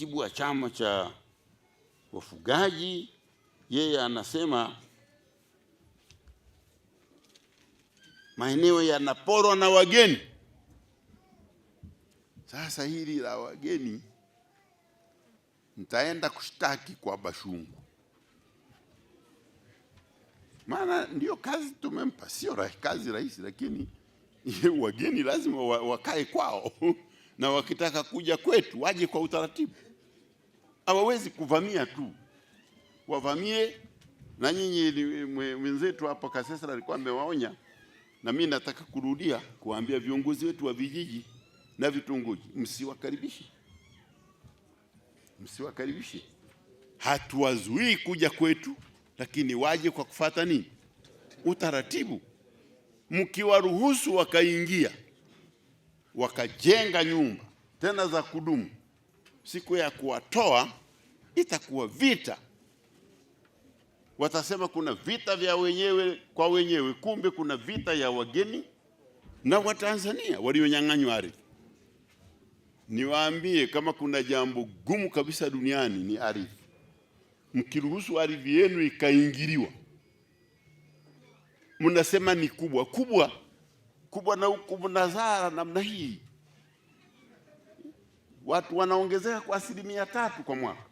katibu wa chama cha wafugaji, yeye anasema maeneo yanaporwa na wageni. Sasa hili la wageni nitaenda kushtaki kwa bashungu maana ndio kazi tumempa. Sio kazi rahisi, lakini wageni lazima wakae kwao na wakitaka kuja kwetu waje kwa utaratibu hawawezi kuvamia tu, wavamie na nyinyi. Mwenzetu hapo Kasesa alikuwa amewaonya, na mimi nataka kurudia kuwaambia viongozi wetu wa vijiji na vitongoji, msiwakaribishe, msiwakaribishe. Hatuwazuii kuja kwetu, lakini waje kwa kufata nini? Utaratibu. Mkiwaruhusu wakaingia wakajenga nyumba tena za kudumu siku ya kuwatoa itakuwa vita. Watasema kuna vita vya wenyewe kwa wenyewe, kumbe kuna vita ya wageni na Watanzania walionyang'anywa ardhi. Niwaambie, kama kuna jambo gumu kabisa duniani ni ardhi. Mkiruhusu ardhi yenu ikaingiliwa, mnasema ni kubwa kubwa kubwa na huku mnazara namna hii watu wanaongezeka kwa asilimia tatu kwa mwaka.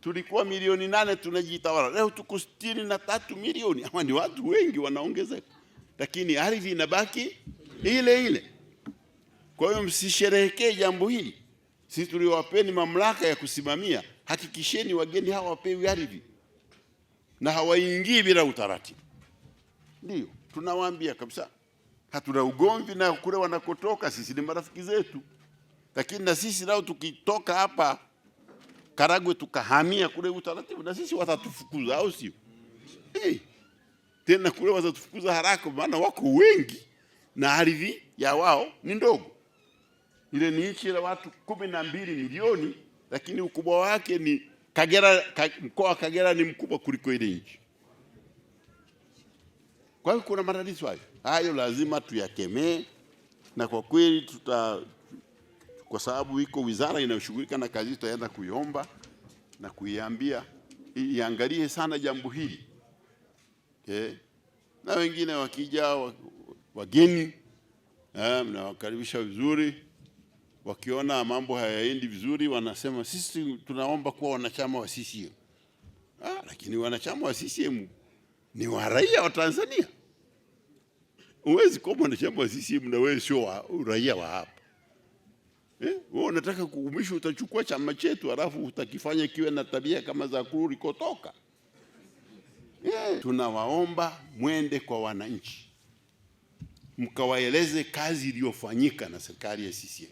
Tulikuwa milioni nane tunajitawala, leo tuko sitini na tatu milioni. Hawa ni watu wengi wanaongezeka, lakini ardhi inabaki ile ile. Kwa hiyo msisherehekee jambo hili. Sisi tuliowapeni mamlaka ya kusimamia, hakikisheni wageni hawa wapewi ardhi na hawaingii bila utaratibu. Ndio tunawaambia kabisa, hatuna ugomvi na kule wanakotoka, sisi ni marafiki zetu. Lakini na sisi nao tukitoka hapa Karagwe tukahamia kule utaratibu, na sisi watatufukuza, au sio? Hey, eh, tena kule watatufukuza haraka, maana wako wengi na ardhi ya wao ni ndogo. Ile ni nchi ya watu kumi na mbili milioni, lakini ukubwa wake ni Kagera, mkoa wa Kagera ni mkubwa kuliko ile nchi. Kwa hiyo kuna matatizo hayo hayo, lazima tuyakemee, na kwa kweli tuta kwa sababu iko wizara inayoshughulika na kazi hizi, tutaenda kuiomba na kuiambia iangalie sana jambo hili okay. E, na wengine wakija wageni e, mnawakaribisha vizuri, wakiona mambo hayaendi vizuri wanasema sisi tunaomba kuwa wanachama wa CCM. Ah, lakini wanachama wa CCM ni wa raia wa Tanzania. Huwezi kuwa mwanachama wa CCM na wewe sio raia wa hapa. Eh, wewe unataka kuumisha, utachukua chama chetu halafu utakifanya kiwe na tabia kama za kuru kotoka. Eh, tunawaomba mwende kwa wananchi mkawaeleze kazi iliyofanyika na serikali ya CCM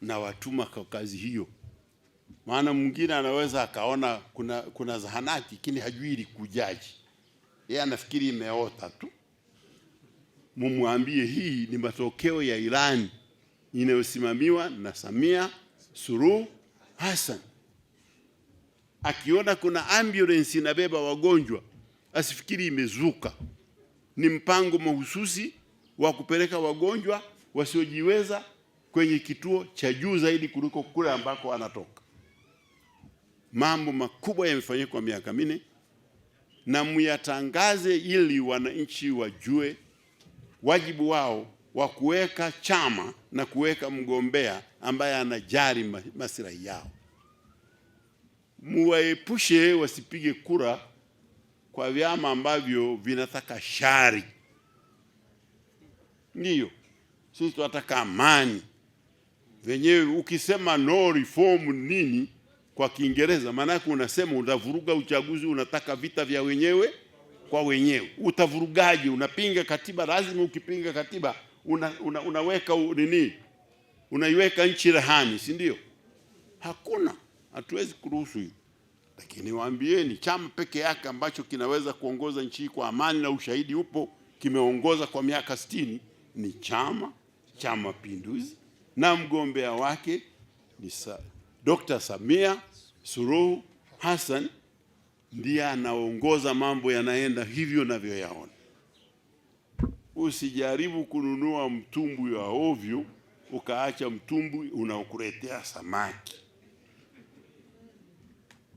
na watuma kwa kazi hiyo, maana mwingine anaweza akaona kuna, kuna zahanati lakini hajui ilikujaji, yeye anafikiri imeota tu. Mumwambie hii ni matokeo ya ilani inayosimamiwa na Samia Suluhu Hassan. Akiona kuna ambulance inabeba wagonjwa asifikiri imezuka, ni mpango mahususi wa kupeleka wagonjwa wasiojiweza kwenye kituo cha juu zaidi kuliko kule ambako anatoka. Mambo makubwa yamefanyika kwa miaka minne, na muyatangaze ili wananchi wajue wajibu wao wa kuweka chama na kuweka mgombea ambaye anajali maslahi yao. Muwaepushe wasipige kura kwa vyama ambavyo vinataka shari. Ndiyo, sisi tunataka amani. Wenyewe ukisema no reform nini kwa Kiingereza, maana yake unasema utavuruga uchaguzi, unataka vita vya wenyewe kwa wenyewe. Utavurugaji, unapinga katiba. Lazima ukipinga katiba una, una, unaweka nini, unaiweka nchi rehani, si ndio? Hakuna, hatuwezi kuruhusu hiyo. Lakini waambieni, chama peke yake ambacho kinaweza kuongoza nchi hii kwa amani na ushahidi upo, kimeongoza kwa miaka sitini, ni Chama cha Mapinduzi na mgombea wake ni sa, Dr. Samia Suluhu Hassan ndiye anaongoza, mambo yanaenda hivyo navyoyaona. Usijaribu kununua mtumbwi wa ovyo ukaacha mtumbwi unaokuletea samaki,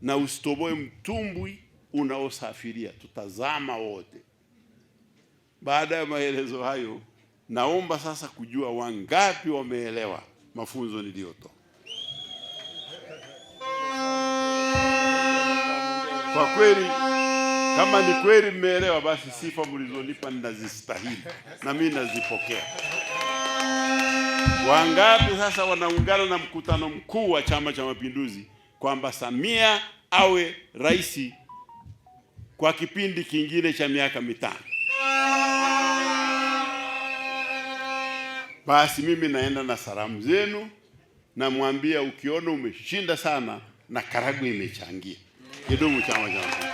na usitoboe mtumbwi unaosafiria. Tutazama wote. Baada ya maelezo hayo, naomba sasa kujua wangapi wameelewa mafunzo niliyotoa. Kwa kweli kama ni kweli mmeelewa, basi sifa mlizonipa ninazistahili na mimi nazipokea. Wangapi sasa wanaungana na mkutano mkuu wa Chama cha Mapinduzi kwamba Samia awe rais kwa kipindi kingine cha miaka mitano? Basi mimi naenda na salamu zenu, namwambia ukiona umeshinda sana na Karagwe imechangia. Kidumu Chama cha Mapinduzi!